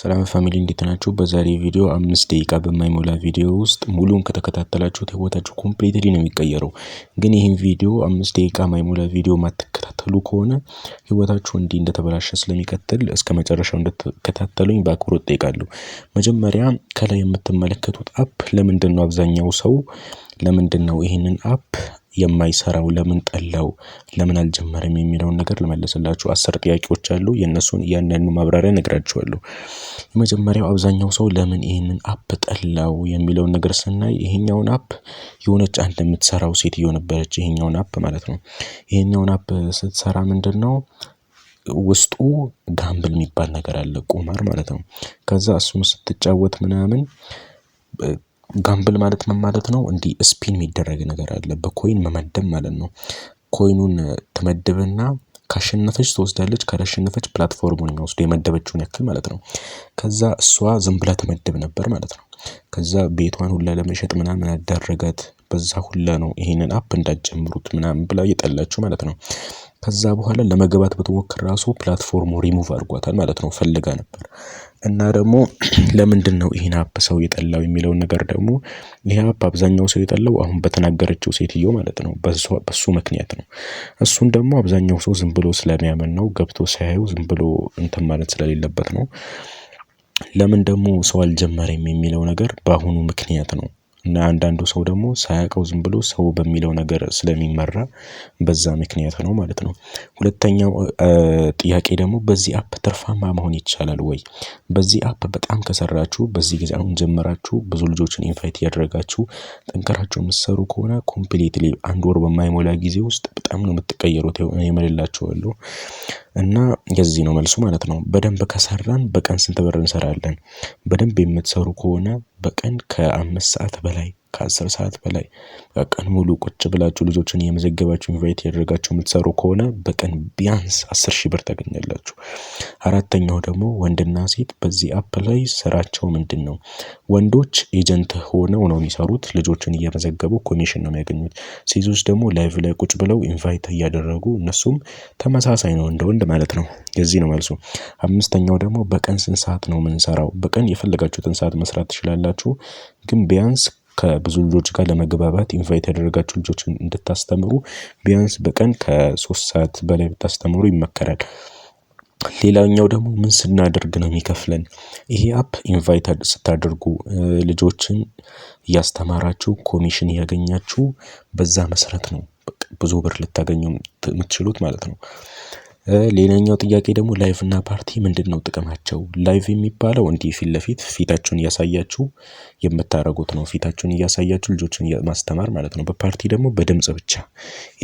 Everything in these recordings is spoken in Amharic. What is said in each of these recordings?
ሰላም ፋሚሊ እንዴት ናችሁ? በዛሬ ቪዲዮ አምስት ደቂቃ በማይሞላ ቪዲዮ ውስጥ ሙሉን ከተከታተላችሁት ህይወታችሁ ኮምፕሊትሊ ነው የሚቀየረው። ግን ይህን ቪዲዮ አምስት ደቂቃ ማይሞላ ቪዲዮ ማትከታተሉ ከሆነ ህይወታችሁ እንዲህ እንደተበላሸ ስለሚቀጥል እስከ መጨረሻው እንደተከታተሉኝ በአክብሮት ጠይቃለሁ። መጀመሪያ ከላይ የምትመለከቱት አፕ ለምንድን ነው አብዛኛው ሰው ለምንድን ነው ይህንን አፕ የማይሰራው ለምን ጠላው ለምን አልጀመረም የሚለውን ነገር ልመልስላችሁ አስር ጥያቄዎች አሉ የእነሱን እያንዳንዱ ማብራሪያ እነግራችኋለሁ። የመጀመሪያው አብዛኛው ሰው ለምን ይህንን አፕ ጠላው የሚለውን ነገር ስናይ ይሄኛውን አፕ የሆነች አንድ የምትሰራው ሴትዮ ነበረች ይሄኛውን አፕ ማለት ነው። ይሄኛውን አፕ ስትሰራ ምንድነው? ውስጡ ጋምብል የሚባል ነገር አለ ቁማር ማለት ነው። ከዛ እሱን ስትጫወት ምናምን ጋምብል ማለት ምን ማለት ነው? እንዲህ ስፒን የሚደረግ ነገር አለ በኮይን መመደብ ማለት ነው። ኮይኑን ትመድብና ካሸነፈች ትወስዳለች ካላሸነፈች ፕላትፎርሙን የሚወስዱ የመደበችውን ያክል ማለት ነው። ከዛ እሷ ዝም ብላ ትመድብ ነበር ማለት ነው። ከዛ ቤቷን ሁላ ለመሸጥ ምናምን ያደረገት በዛ ሁላ ነው ይሄንን አፕ እንዳትጀምሩት ምናምን ብላ እየጠላችሁ ማለት ነው። ከዛ በኋላ ለመግባት ብትሞክር ራሱ ፕላትፎርሙ ሪሙቭ አድርጓታል ማለት ነው ፈልጋ ነበር። እና ደግሞ ለምንድነው ይህን አፕ ሰው የጠላው የሚለውን ነገር ደግሞ ይህ አፕ አብዛኛው ሰው የጠላው አሁን በተናገረችው ሴትዮ ማለት ነው በሱ ምክንያት ነው። እሱን ደግሞ አብዛኛው ሰው ዝም ብሎ ስለሚያምን ነው ገብቶ ሲያየው ዝም ብሎ እንትን ማለት ስለሌለበት ነው። ለምን ደግሞ ሰው አልጀመረም የሚለው ነገር በአሁኑ ምክንያት ነው እና አንዳንዱ ሰው ደግሞ ሳያውቀው ዝም ብሎ ሰው በሚለው ነገር ስለሚመራ በዛ ምክንያት ነው ማለት ነው። ሁለተኛው ጥያቄ ደግሞ በዚህ አፕ ትርፋማ መሆን ይቻላል ወይ? በዚህ አፕ በጣም ከሰራችሁ በዚህ ጊዜ አሁን ጀመራችሁ፣ ብዙ ልጆችን ኢንቫይት እያደረጋችሁ ጠንክራችሁ የምትሰሩ ከሆነ ኮምፕሊትሊ አንድ ወር በማይሞላ ጊዜ ውስጥ በጣም ነው የምትቀየሩት እኔ እና የዚህ ነው መልሱ ማለት ነው። በደንብ ከሰራን በቀን ስንት ብር እንሰራለን? በደንብ የምትሰሩ ከሆነ በቀን ከአምስት ሰዓት በላይ ከአስር ሰዓት በላይ በቀን ሙሉ ቁጭ ብላችሁ ልጆችን እየመዘገባችሁ ኢንቫይት ያደረጋችሁ የምትሰሩ ከሆነ በቀን ቢያንስ አስር ሺህ ብር ታገኛላችሁ። አራተኛው ደግሞ ወንድና ሴት በዚህ አፕ ላይ ስራቸው ምንድነው? ወንዶች ኤጀንት ሆነው ነው የሚሰሩት ልጆችን እየመዘገቡ ኮሚሽን ነው የሚያገኙት። ሴቶች ደግሞ ላይቭ ላይ ቁጭ ብለው ኢንቫይት እያደረጉ እነሱም ተመሳሳይ ነው እንደ ወንድ ማለት ነው። የዚህ ነው መልሱ። አምስተኛው ደግሞ በቀን ስንት ሰዓት ነው የምንሰራው? በቀን የፈለጋችሁትን ሰዓት መስራት ትችላላችሁ። ግን ቢያንስ ከብዙ ልጆች ጋር ለመግባባት ኢንቫይት ያደረጋችሁ ልጆችን እንድታስተምሩ ቢያንስ በቀን ከሶስት ሰዓት በላይ ብታስተምሩ ይመከራል። ሌላኛው ደግሞ ምን ስናደርግ ነው የሚከፍለን? ይሄ አፕ ኢንቫይት ስታደርጉ ልጆችን እያስተማራችሁ ኮሚሽን እያገኛችሁ በዛ መሰረት ነው ብዙ ብር ልታገኙ የምትችሉት ማለት ነው። ሌላኛው ጥያቄ ደግሞ ላይቭ እና ፓርቲ ምንድነው ጥቅማቸው? ላይቭ የሚባለው እንዲህ ፊት ለፊት ፊታችሁን እያሳያችሁ የምታደርጉት ነው ፊታችሁን እያሳያችሁ ልጆችን ማስተማር ማለት ነው። በፓርቲ ደግሞ በድምጽ ብቻ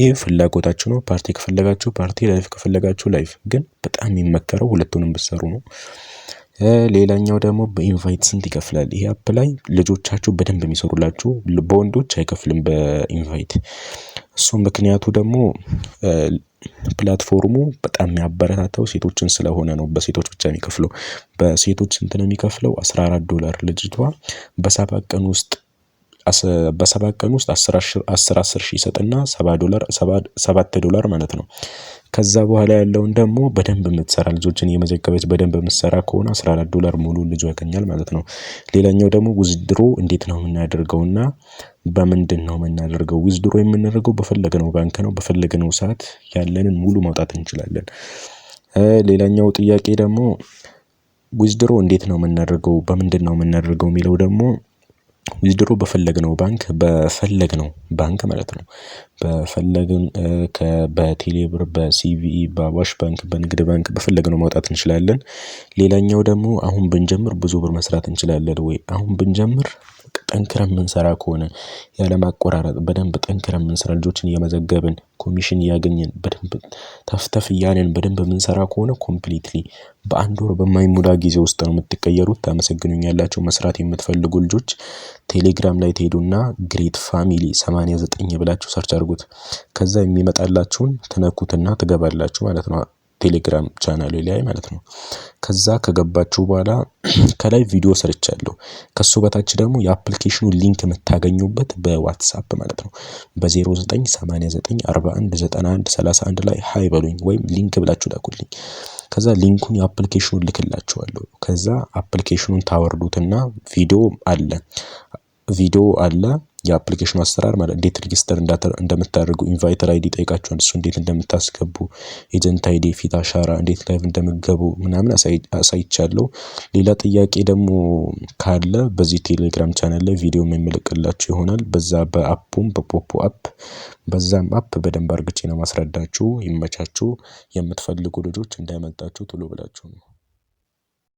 ይህ ፍላጎታችሁ ነው። ፓርቲ ከፈለጋችሁ ፓርቲ ላይፍ ከፈለጋችሁ ላይፍ ግን በጣም የሚመከረው ሁለቱንም ብሰሩ ነው። ሌላኛው ደግሞ በኢንቫይት ስንት ይከፍላል? ይሄ አፕ ላይ ልጆቻችሁ በደንብ የሚሰሩላችሁ በወንዶች አይከፍልም በኢንቫይት እሱ ምክንያቱ ደግሞ ፕላትፎርሙ በጣም የሚያበረታተው ሴቶችን ስለሆነ ነው በሴቶች ብቻ የሚከፍለው በሴቶች ስንት ነው የሚከፍለው 14 ዶላር ልጅቷ በሰባት ቀን ውስጥ በሰባት ቀን ውስጥ አስር አስር ሺህ ይሰጥና ዶላር ሰባት ዶላር ማለት ነው ከዛ በኋላ ያለውን ደግሞ በደንብ የምትሰራ ልጆችን እየመዘገበች በደንብ የምትሰራ ከሆነ አስራ ዶላር ሙሉ ልጁ ያገኛል ማለት ነው። ሌላኛው ደግሞ ውዝድሮ እንዴት ነው የምናደርገውና ነው የምናደርገው? ውዝድሮ የምናደርገው በፈለግነው ባንክ ነው በፈለግነው ሰዓት ያለንን ሙሉ ማውጣት እንችላለን። ሌላኛው ጥያቄ ደግሞ ዊዝድሮ እንዴት ነው የምናደርገው በምንድነው የምናደርገው የሚለው ደግሞ ዊዝድሮ በፈለግነው ባንክ በፈለግነው ባንክ ማለት ነው። በፈለግን በቴሌብር በሲቢኢ በአዋሽ ባንክ በንግድ ባንክ በፈለግነው ማውጣት እንችላለን። ሌላኛው ደግሞ አሁን ብንጀምር ብዙ ብር መስራት እንችላለን ወይ? አሁን ብንጀምር ጠንክረን የምንሰራ ከሆነ ያለማቆራረጥ በደንብ ጠንክረን የምንሰራ ልጆችን እየመዘገብን ኮሚሽን እያገኘን በደንብ ተፍተፍ እያልን በደንብ የምንሰራ ከሆነ ኮምፕሊትሊ በአንድ ወር በማይሞላ ጊዜ ውስጥ ነው የምትቀየሩት። ታመሰግኑኛላችሁ መስራት የምትፈልጉ ልጆች ቴሌግራም ላይ ትሄዱና ግሬት ፋሚሊ 89 ዘጠኝ ብላችሁ ሰርች አድርጉት ከዛ የሚመጣላችሁን ትነኩትና ትገባላችሁ ማለት ነው ቴሌግራም ቻናሉ ላይ ማለት ነው። ከዛ ከገባችሁ በኋላ ከላይ ቪዲዮ ሰርቻለሁ ከሱ በታች ደግሞ የአፕሊኬሽኑ ሊንክ የምታገኙበት በዋትሳፕ ማለት ነው። በ0989419131 ላይ ሃይ በሉኝ ወይም ሊንክ ብላችሁ ላኩልኝ። ከዛ ሊንኩን የአፕሊኬሽኑን ልክላችኋለሁ ከዛ አፕሊኬሽኑን ታወርዱትና ቪዲዮ አለ ቪዲዮ አለ የአፕሊኬሽኑ አሰራር ማለት እንዴት ሬጅስተር እንደምታደርጉ ኢንቫይተር አይዲ ይጠይቃችኋል። እሱ እንዴት እንደምታስገቡ ኤጀንት አይዲ ፊት አሻራ እንዴት ላይቭ እንደምገቡ ምናምን አሳይቻለሁ። ሌላ ጥያቄ ደግሞ ካለ በዚህ ቴሌግራም ቻናል ላይ ቪዲዮ የምልክላችሁ ይሆናል። በዛ በአፑም በፖፖ አፕ በዛም አፕ በደንብ አርግቼ ነው ማስረዳችሁ። ይመቻችሁ። የምትፈልጉ ልጆች እንዳይመልጣችሁ ቶሎ ብላችሁ ነው